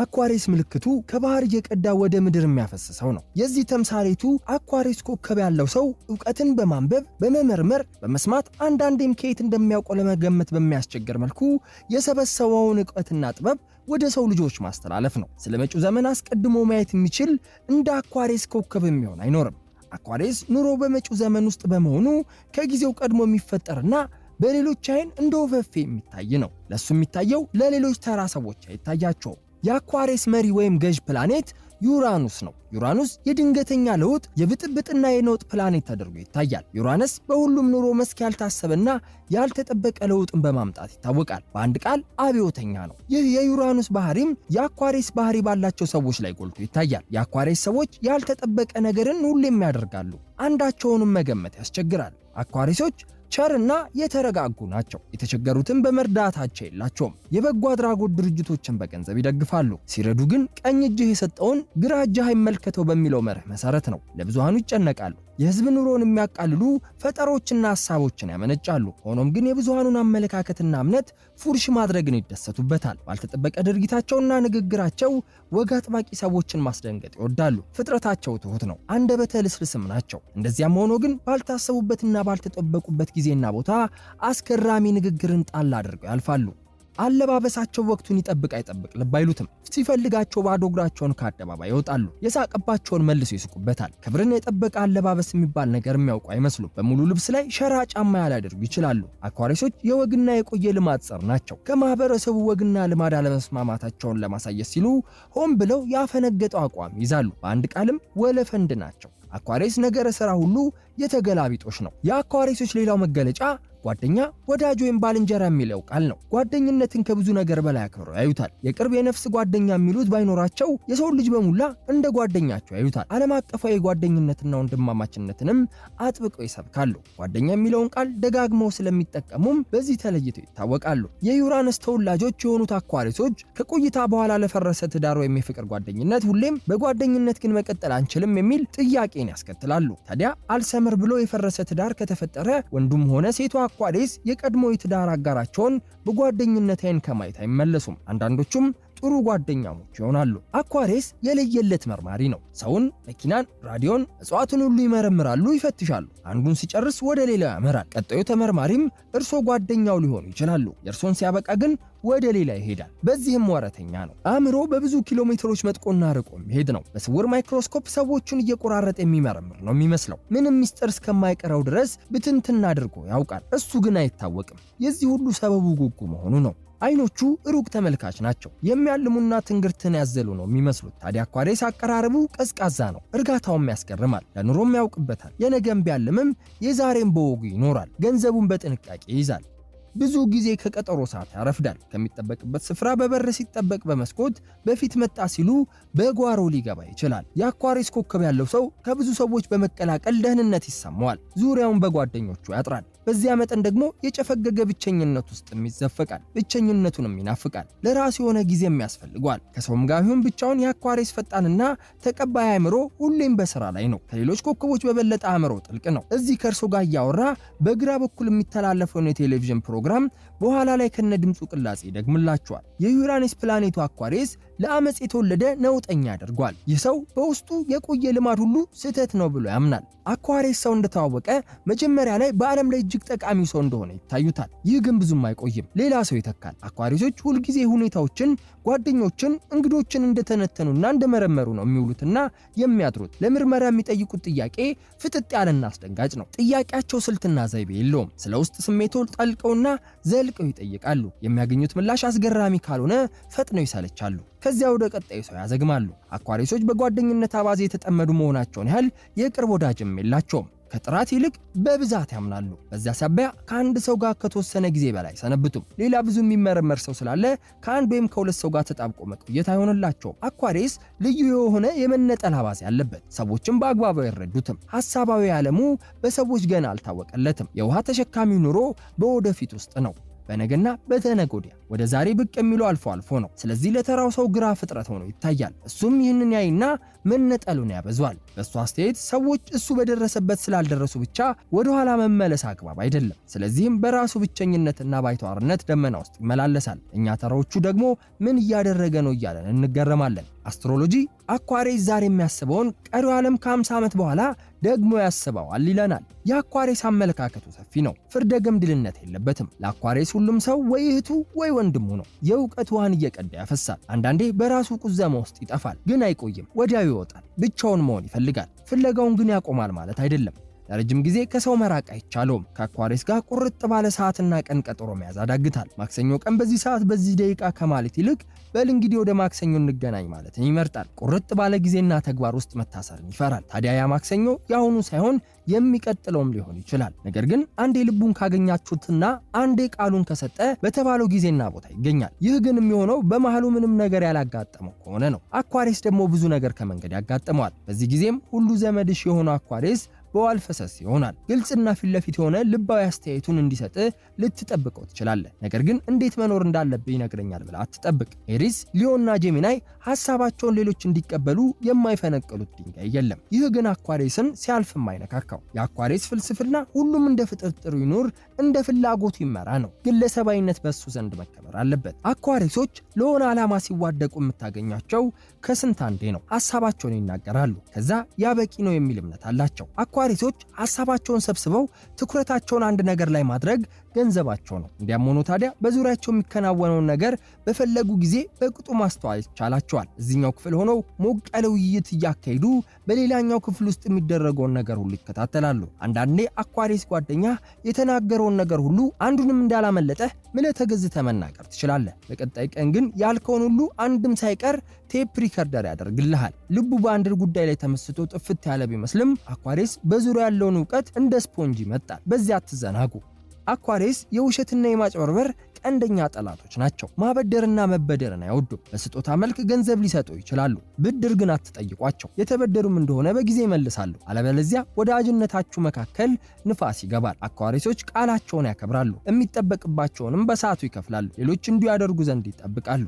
አኳሬስ ምልክቱ ከባህር እየቀዳ ወደ ምድር የሚያፈስሰው ነው። የዚህ ተምሳሌቱ አኳሬስ ኮከብ ያለው ሰው እውቀትን በማንበብ በመመርመር፣ በመስማት አንዳንዴም ከየት እንደሚያውቀው ለመገመት በሚያስቸግር መልኩ የሰበሰበውን እውቀትና ጥበብ ወደ ሰው ልጆች ማስተላለፍ ነው። ስለ መጪው ዘመን አስቀድሞ ማየት የሚችል እንደ አኳሬስ ኮከብ የሚሆን አይኖርም። አኳሬስ ኑሮ በመጪው ዘመን ውስጥ በመሆኑ ከጊዜው ቀድሞ የሚፈጠርና በሌሎች አይን እንደ ወፈፌ የሚታይ ነው። ለእሱ የሚታየው ለሌሎች ተራ ሰዎች አይታያቸውም። የአኳሬስ መሪ ወይም ገዥ ፕላኔት ዩራኑስ ነው። ዩራኑስ የድንገተኛ ለውጥ የብጥብጥና የነውጥ ፕላኔት ተደርጎ ይታያል። ዩራነስ በሁሉም ኑሮ መስክ ያልታሰበና ያልተጠበቀ ለውጥን በማምጣት ይታወቃል። በአንድ ቃል አብዮተኛ ነው። ይህ የዩራኑስ ባህሪም የአኳሬስ ባህሪ ባላቸው ሰዎች ላይ ጎልቶ ይታያል። የአኳሬስ ሰዎች ያልተጠበቀ ነገርን ሁሌም ያደርጋሉ፣ አንዳቸውንም መገመት ያስቸግራል። አኳሬሶች ቸርና የተረጋጉ ናቸው። የተቸገሩትን በመርዳታቸው የላቸውም። የበጎ አድራጎት ድርጅቶችን በገንዘብ ይደግፋሉ። ሲረዱ ግን ቀኝ እጅህ የሰጠውን ግራ እጅህ አይመልከተው በሚለው መርህ መሰረት ነው። ለብዙሃኑ ይጨነቃሉ። የህዝብ ኑሮን የሚያቃልሉ ፈጠሮችና ሀሳቦችን ያመነጫሉ። ሆኖም ግን የብዙሃኑን አመለካከትና እምነት ፉርሽ ማድረግን ይደሰቱበታል። ባልተጠበቀ ድርጊታቸውና ንግግራቸው ወግ አጥባቂ ሰዎችን ማስደንገጥ ይወዳሉ። ፍጥረታቸው ትሁት ነው። አንደበተ ልስልስም ናቸው። እንደዚያም ሆኖ ግን ባልታሰቡበትና ባልተጠበቁበት ጊዜና ቦታ አስገራሚ ንግግርን ጣል አድርገው ያልፋሉ። አለባበሳቸው ወቅቱን ይጠብቅ አይጠብቅ ልብ አይሉትም። ሲፈልጋቸው ባዶ እግራቸውን ከአደባባይ ይወጣሉ። የሳቀባቸውን መልሶ ይስቁበታል። ክብርን የጠበቀ አለባበስ የሚባል ነገር የሚያውቁ አይመስሉም። በሙሉ ልብስ ላይ ሸራ ጫማ ያላደርጉ ይችላሉ። አኳሪሶች የወግና የቆየ ልማድ ጸር ናቸው። ከማህበረሰቡ ወግና ልማድ አለመስማማታቸውን ለማሳየት ሲሉ ሆን ብለው ያፈነገጠው አቋም ይዛሉ። በአንድ ቃልም ወለፈንድ ናቸው። አኳሪስ ነገረ ሥራ ሁሉ የተገላቢጦች ነው። የአኳሪሶች ሌላው መገለጫ ጓደኛ ወዳጅ ወይም ባልንጀራ የሚለው ቃል ነው። ጓደኝነትን ከብዙ ነገር በላይ አክብረው ያዩታል። የቅርብ የነፍስ ጓደኛ የሚሉት ባይኖራቸው የሰው ልጅ በሙላ እንደ ጓደኛቸው ያዩታል። ዓለም አቀፋዊ ጓደኝነትና ወንድማማችነትንም አጥብቀው ይሰብካሉ። ጓደኛ የሚለውን ቃል ደጋግመው ስለሚጠቀሙም በዚህ ተለይተው ይታወቃሉ። የዩራንስ ተወላጆች የሆኑት አኳሪሶች ከቆይታ በኋላ ለፈረሰ ትዳር ወይም የፍቅር ጓደኝነት ሁሌም በጓደኝነት ግን መቀጠል አንችልም የሚል ጥያቄን ያስከትላሉ። ታዲያ አልሰማ ሊያምር ብሎ የፈረሰ ትዳር ከተፈጠረ ወንዱም ሆነ ሴቷ አኳዴስ የቀድሞ የትዳር አጋራቸውን በጓደኝነት አይን ከማየት አይመለሱም። አንዳንዶቹም ጥሩ ጓደኛሞች ይሆናሉ። አኳሬስ የለየለት መርማሪ ነው። ሰውን፣ መኪናን፣ ራዲዮን፣ እጽዋትን ሁሉ ይመረምራሉ፣ ይፈትሻሉ። አንዱን ሲጨርስ ወደ ሌላው ያመራል። ቀጣዩ ተመርማሪም እርሶ ጓደኛው ሊሆኑ ይችላሉ። የእርሶን ሲያበቃ ግን ወደ ሌላ ይሄዳል። በዚህም ወረተኛ ነው። አእምሮ በብዙ ኪሎ ሜትሮች መጥቆና ርቆ የሚሄድ ነው። በስውር ማይክሮስኮፕ ሰዎቹን እየቆራረጠ የሚመረምር ነው የሚመስለው። ምንም ሚስጥር እስከማይቀረው ድረስ ብትንትና አድርጎ ያውቃል። እሱ ግን አይታወቅም። የዚህ ሁሉ ሰበቡ ጉጉ መሆኑ ነው። አይኖቹ ሩቅ ተመልካች ናቸው። የሚያልሙና ትንግርትን ያዘሉ ነው የሚመስሉት። ታዲያ አኳሬስ አቀራረቡ ቀዝቃዛ ነው፣ እርጋታውም ያስገርማል። ለኑሮም ያውቅበታል። የነገም ቢያልምም የዛሬም በወጉ ይኖራል። ገንዘቡን በጥንቃቄ ይይዛል። ብዙ ጊዜ ከቀጠሮ ሰዓት ያረፍዳል። ከሚጠበቅበት ስፍራ በበር ሲጠበቅ በመስኮት በፊት መጣ ሲሉ በጓሮ ሊገባ ይችላል። የአኳሪስ ኮከብ ያለው ሰው ከብዙ ሰዎች በመቀላቀል ደህንነት ይሰማዋል። ዙሪያውን በጓደኞቹ ያጥራል። በዚያ መጠን ደግሞ የጨፈገገ ብቸኝነት ውስጥም ይዘፈቃል። ብቸኝነቱንም ይናፍቃል። ለራሱ የሆነ ጊዜም ያስፈልጓል። ከሰውም ጋር ይሁን ብቻውን የአኳሪስ ፈጣንና ተቀባይ አእምሮ ሁሌም በስራ ላይ ነው። ከሌሎች ኮከቦች በበለጠ አእምሮ ጥልቅ ነው። እዚህ ከእርሶ ጋር እያወራ በግራ በኩል የሚተላለፈውን የቴሌቪዥን ፕሮግራም ፕሮግራም በኋላ ላይ ከነ ድምፁ ቅላጼ ደግምላችኋል። የዩራኒስ ፕላኔቱ አኳሪስ ለአመፅ የተወለደ ነውጠኛ ያደርጓል። ይህ ሰው በውስጡ የቆየ ልማድ ሁሉ ስህተት ነው ብሎ ያምናል። አኳሬስ ሰው እንደተዋወቀ መጀመሪያ ላይ በዓለም ላይ እጅግ ጠቃሚው ሰው እንደሆነ ይታዩታል። ይህ ግን ብዙም አይቆይም፣ ሌላ ሰው ይተካል። አኳሬሶች ሁልጊዜ ሁኔታዎችን፣ ጓደኞችን፣ እንግዶችን እንደተነተኑና እንደመረመሩ ነው የሚውሉትና የሚያድሩት። ለምርመራ የሚጠይቁት ጥያቄ ፍጥጥ ያለና አስደንጋጭ ነው። ጥያቄያቸው ስልትና ዘይቤ የለውም። ስለ ውስጥ ስሜቶ ጠልቀውና ዘልቀው ይጠይቃሉ። የሚያገኙት ምላሽ አስገራሚ ካልሆነ ፈጥነው ይሰለቻሉ። ከዚያ ወደ ቀጣዩ ሰው ያዘግማሉ። አኳሪሶች በጓደኝነት አባዜ የተጠመዱ መሆናቸውን ያህል የቅርብ ወዳጅም የላቸውም። ከጥራት ይልቅ በብዛት ያምናሉ። በዚያ ሳቢያ ከአንድ ሰው ጋር ከተወሰነ ጊዜ በላይ ሰነብቱም። ሌላ ብዙ የሚመረመር ሰው ስላለ ከአንድ ወይም ከሁለት ሰው ጋር ተጣብቆ መቆየት አይሆንላቸውም። አኳሪስ ልዩ የሆነ የመነጠል አባዜ ያለበት፣ ሰዎችም በአግባቡ አይረዱትም። ሐሳባዊ ዓለሙ በሰዎች ገና አልታወቀለትም። የውሃ ተሸካሚ ኑሮ በወደፊት ውስጥ ነው። በነገና በተነጎዲያ ወደ ዛሬ ብቅ የሚሉ አልፎ አልፎ ነው። ስለዚህ ለተራው ሰው ግራ ፍጥረት ሆኖ ይታያል። እሱም ይህንን ያይና መነጠሉን ያበዟል። በእሱ አስተያየት ሰዎች እሱ በደረሰበት ስላልደረሱ ብቻ ወደ ኋላ መመለስ አግባብ አይደለም። ስለዚህም በራሱ ብቸኝነትና ባይተዋርነት ደመና ውስጥ ይመላለሳል። እኛ ተራዎቹ ደግሞ ምን እያደረገ ነው እያለን እንገረማለን። አስትሮሎጂ አኳሬስ ዛሬ የሚያስበውን ቀሪው ዓለም ከ50 ዓመት በኋላ ደግሞ ያስበዋል ይለናል። የአኳሬስ አመለካከቱ ሰፊ ነው። ፍርደ ገምድልነት የለበትም። ለአኳሬስ ሁሉም ሰው ወይ እህቱ ወይ ወንድሙ ነው። የእውቀት ውሃን እየቀዳ ያፈሳል። አንዳንዴ በራሱ ቁዘማ ውስጥ ይጠፋል፣ ግን አይቆይም። ወዲያው ይወጣል። ብቻውን መሆን ይፈልጋል። ፍለጋውን ግን ያቆማል ማለት አይደለም። ለረጅም ጊዜ ከሰው መራቅ አይቻለውም። ከአኳሪስ ጋር ቁርጥ ባለ ሰዓትና ቀን ቀጠሮ መያዝ አዳግታል። ማክሰኞ ቀን በዚህ ሰዓት በዚህ ደቂቃ ከማለት ይልቅ በል እንግዲህ ወደ ማክሰኞ እንገናኝ ማለትን ይመርጣል። ቁርጥ ባለ ጊዜና ተግባር ውስጥ መታሰርን ይፈራል። ታዲያ ያ ማክሰኞ የአሁኑ ሳይሆን የሚቀጥለውም ሊሆን ይችላል። ነገር ግን አንዴ ልቡን ካገኛችሁትና አንዴ ቃሉን ከሰጠ በተባለው ጊዜና ቦታ ይገኛል። ይህ ግን የሚሆነው በመሃሉ ምንም ነገር ያላጋጠመው ከሆነ ነው። አኳሪስ ደግሞ ብዙ ነገር ከመንገድ ያጋጥመዋል። በዚህ ጊዜም ሁሉ ዘመድሽ የሆነው አኳሪስ በዋል ፈሰስ ይሆናል። ግልጽና ፊት ለፊት የሆነ ልባዊ አስተያየቱን እንዲሰጥ ልትጠብቀው ትችላለህ። ነገር ግን እንዴት መኖር እንዳለብህ ይነግረኛል ብለህ አትጠብቅ። ኤሪስ፣ ሊዮና ጄሚናይ ሀሳባቸውን ሌሎች እንዲቀበሉ የማይፈነቅሉት ድንጋይ የለም። ይህ ግን አኳሬስን ሲያልፍ የማይነካካው የአኳሬስ ፍልስፍና ሁሉም እንደ ፍጥርጥሩ ይኑር እንደ ፍላጎቱ ይመራ ነው። ግለሰባዊነት በሱ ዘንድ መከበር አለበት። አኳሪሶች ለሆነ ዓላማ ሲዋደቁ የምታገኛቸው ከስንት አንዴ ነው። ሀሳባቸውን ይናገራሉ፣ ከዛ ያ በቂ ነው የሚል እምነት አላቸው። አኳሪሶች ሀሳባቸውን ሰብስበው ትኩረታቸውን አንድ ነገር ላይ ማድረግ ገንዘባቸው ነው። እንዲያም ሆኖ ታዲያ በዙሪያቸው የሚከናወነውን ነገር በፈለጉ ጊዜ በቅጡ ማስተዋል ይቻላቸዋል። እዚኛው ክፍል ሆነው ሞቅ ያለ ውይይት እያካሄዱ በሌላኛው ክፍል ውስጥ የሚደረገውን ነገር ሁሉ ይከታተላሉ። አንዳንዴ አኳሪስ ጓደኛ የተናገረው የሆነውን ነገር ሁሉ አንዱንም እንዳላመለጠህ ምለህ ተገዝተህ መናገር ትችላለህ። በቀጣይ ቀን ግን ያልከውን ሁሉ አንድም ሳይቀር ቴፕ ሪከርደር ያደርግልሃል። ልቡ በአንድ ጉዳይ ላይ ተመስቶ ጥፍት ያለ ቢመስልም አኳሬስ በዙሪያ ያለውን እውቀት እንደ ስፖንጅ ይመጣል። በዚያ አትዘናጉ። አኳሬስ የውሸትና የማጭበርበር ቀንደኛ ጠላቶች ናቸው። ማበደርና መበደርን አይወዱም። በስጦታ መልክ ገንዘብ ሊሰጡ ይችላሉ። ብድር ግን አትጠይቋቸው። የተበደሩም እንደሆነ በጊዜ ይመልሳሉ። አለበለዚያ ወዳጅነታችሁ መካከል ንፋስ ይገባል። አኳሪሶች ቃላቸውን ያከብራሉ፣ የሚጠበቅባቸውንም በሰዓቱ ይከፍላሉ። ሌሎች እንዲያደርጉ ዘንድ ይጠብቃሉ።